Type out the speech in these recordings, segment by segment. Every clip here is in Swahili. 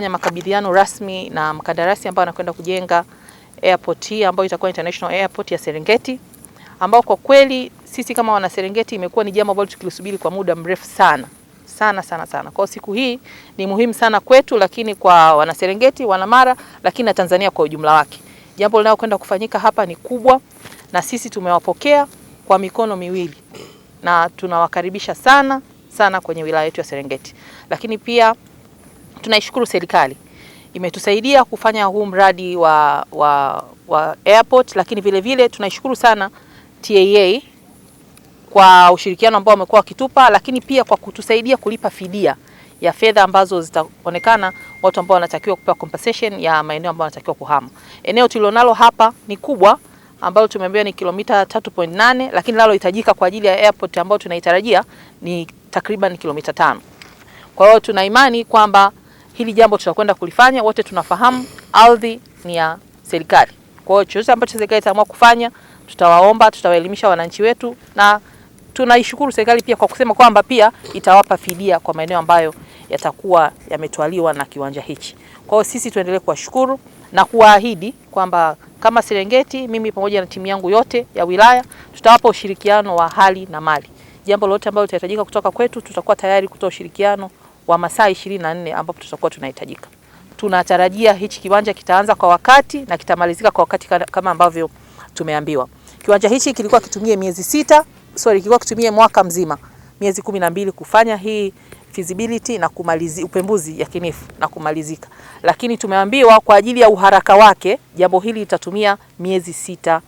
Fanya makabidhiano rasmi na mkandarasi ambao anakwenda kujenga airport hii ambayo itakuwa international airport ya Serengeti, ambao kwa kweli sisi kama wana Serengeti imekuwa ni jambo ambalo tukilisubiri kwa muda mrefu sana sana sana sana. Kwa siku hii ni muhimu sana kwetu, lakini kwa wana Serengeti, wana Mara, lakini na Tanzania kwa ujumla wake. Jambo linalokwenda kufanyika hapa ni kubwa, na sisi tumewapokea kwa mikono miwili na tunawakaribisha sana sana kwenye wilaya yetu ya Serengeti, lakini pia tunaishukuru serikali imetusaidia kufanya huu mradi wa, wa, wa airport, lakini vile vile tunaishukuru sana TAA kwa ushirikiano ambao wamekuwa wakitupa, lakini pia kwa kutusaidia kulipa fidia ya fedha ambazo zitaonekana watu ambao wanatakiwa kupewa compensation ya maeneo ambayo wanatakiwa kuhama. Eneo tulilonalo hapa ni kubwa ambalo tumeambiwa ni kilomita 3.8 lakini lalo hitajika kwa ajili ya airport ambayo tunaitarajia ni takriban kilomita tano. Kwa hiyo tuna imani kwamba hili jambo tutakwenda kulifanya. Wote tunafahamu ardhi ni ya serikali, kwa hiyo chochote ambacho serikali itaamua kufanya tutawaomba, tutawaelimisha wananchi wetu, na tunaishukuru serikali pia kwa kusema kwamba pia itawapa fidia kwa maeneo ambayo yatakuwa yametwaliwa na kiwanja hichi. Kwa hiyo sisi tuendelee kuwashukuru na kuwaahidi kwamba kama Serengeti, mimi pamoja na timu yangu yote ya wilaya tutawapa ushirikiano wa hali na mali. Jambo lolote ambalo litahitajika kutoka kwetu, tutakuwa tayari kutoa ushirikiano wa masaa 24 ambapo tutakuwa tunahitajika. Tunatarajia hichi kiwanja kitaanza kwa wakati na kitamalizika kwa wakati kama ambavyo tumeambiwa. Kiwanja hichi kilikuwa kitumie miezi sita, sorry, kilikuwa kitumie mwaka mzima, miezi kumi na mbili kufanya hii feasibility na kumalizi, upembuzi yakinifu na kumalizika, lakini tumeambiwa kwa ajili ya uharaka wake jambo hili litatumia miezi sita.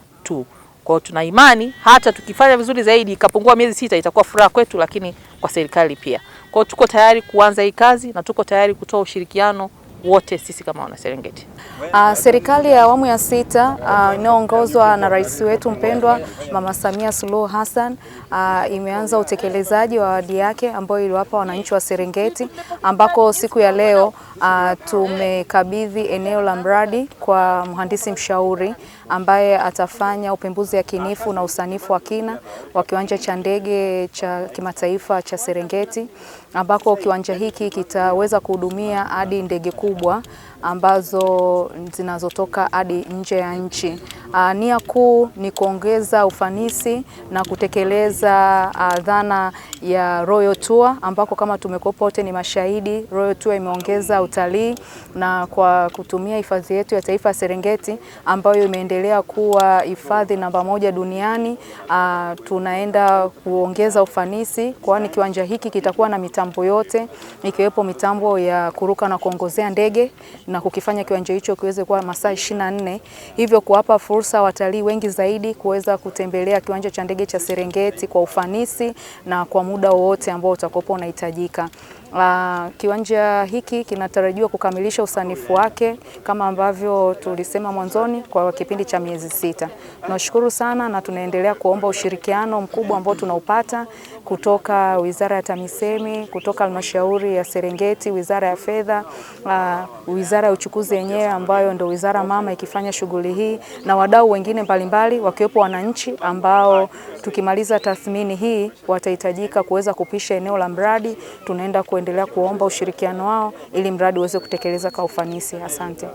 Kwa hiyo tuna imani hata tukifanya vizuri zaidi ikapungua miezi sita itakuwa furaha kwetu, lakini kwa serikali pia. Kwa hiyo tuko tayari kuanza hii kazi na tuko tayari kutoa ushirikiano wote sisi kama Serengeti. Uh, serikali ya awamu ya sita uh, ah, inayoongozwa na rais wetu mpendwa Mama Samia Suluhu Hassan uh, imeanza utekelezaji wa ahadi yake ambayo iliwapa wananchi wa Serengeti, ambako siku ya leo uh, tumekabidhi eneo la mradi kwa mhandisi mshauri ambaye atafanya upembuzi yakinifu na usanifu wa kina wa kiwanja cha ndege cha kimataifa cha Serengeti, ambako kiwanja hiki kitaweza kuhudumia hadi ndege kubwa kubwa ambazo zinazotoka hadi nje ya nchi. Ah, nia kuu ni kuongeza ufanisi na kutekeleza ah, dhana ya Royal Tour ambako kama tumekuwepo wote ni mashahidi, Royal Tour imeongeza utalii na kwa kutumia hifadhi yetu ya taifa ya Serengeti ambayo imeendelea kuwa hifadhi namba moja duniani ah, tunaenda kuongeza ufanisi kwani kiwanja hiki kitakuwa na mitambo yote ikiwepo mitambo ya kuruka na kuongozea ndege na kukifanya kiwanja hicho kiweze kuwa masaa 24, hivyo kuwapa fursa watalii wengi zaidi kuweza kutembelea kiwanja cha ndege cha Serengeti kwa ufanisi na kwa muda wowote ambao utakopo unahitajika. Uh, kiwanja hiki kinatarajiwa kukamilisha usanifu wake kama ambavyo tulisema mwanzoni kwa kipindi cha miezi sita. Tunashukuru sana na tunaendelea kuomba ushirikiano mkubwa ambao tunaupata kutoka Wizara ya TAMISEMI, kutoka Halmashauri ya Serengeti, Wizara ya Fedha, uh, Wizara ya Uchukuzi yenyewe ambayo ndio wizara mama ikifanya shughuli hii na wadau wengine mbalimbali wakiwepo wananchi ambao tukimaliza tathmini hii watahitajika kuweza kupisha eneo la mradi tunaenda kuendelea kuomba ushirikiano wao ili mradi uweze kutekeleza kwa ufanisi. Asante.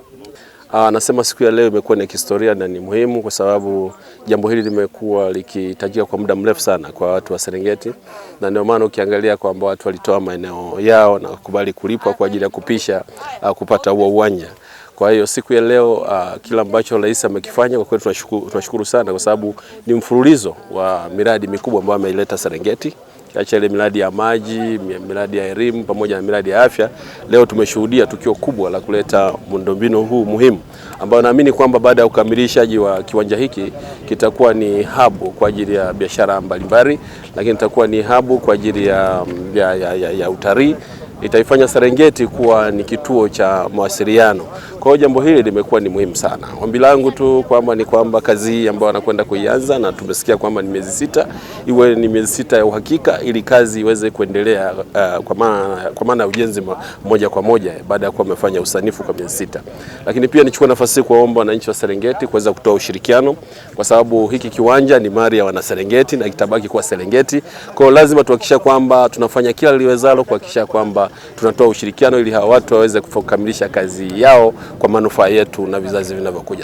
Aa, ah, nasema siku ya leo imekuwa ni kihistoria na ni muhimu kwa sababu jambo hili limekuwa likitajika kwa muda mrefu sana kwa watu wa Serengeti, na ndio maana ukiangalia kwamba watu walitoa maeneo yao na kukubali kulipwa kwa ajili ya kupisha uh, kupata huo uwanja. Kwa hiyo siku ya leo uh, kila ambacho rais amekifanya kwa kweli tunashukuru, tunashukuru sana kwa sababu ni mfululizo wa miradi mikubwa ambayo ameileta Serengeti kiacha ile miradi ya maji, miradi ya elimu pamoja na miradi ya afya, leo tumeshuhudia tukio kubwa la kuleta muundombinu huu muhimu, ambayo naamini kwamba baada ya ukamilishaji wa kiwanja hiki kitakuwa ni habu kwa ajili ya biashara mbalimbali, lakini itakuwa ni habu kwa ajili ya, ya, ya, ya, ya utalii. Itaifanya Serengeti kuwa ni kituo cha mawasiliano. Kwa hiyo jambo hili limekuwa ni muhimu sana. Ombi langu tu kwamba ni kwamba kazi hii ambayo anakwenda kuianza na tumesikia kwamba ni miezi sita, iwe ni miezi sita ya uhakika, ili kazi iweze kuendelea uh, kwa maana kwa maana ya ujenzi moja kwa moja baada ya kuwa amefanya usanifu kwa miezi sita. Lakini pia nichukue nafasi hii kuwaomba wananchi wa Serengeti kuweza kutoa ushirikiano, kwa sababu hiki kiwanja ni mali ya wana Serengeti na kitabaki kuwa Serengeti. Kwa hiyo lazima tuhakikisha kwamba tunafanya kila liwezalo kuhakikisha kwamba tunatoa ushirikiano ili hawa watu waweze kukamilisha kazi yao kwa manufaa yetu na vizazi vinavyokuja.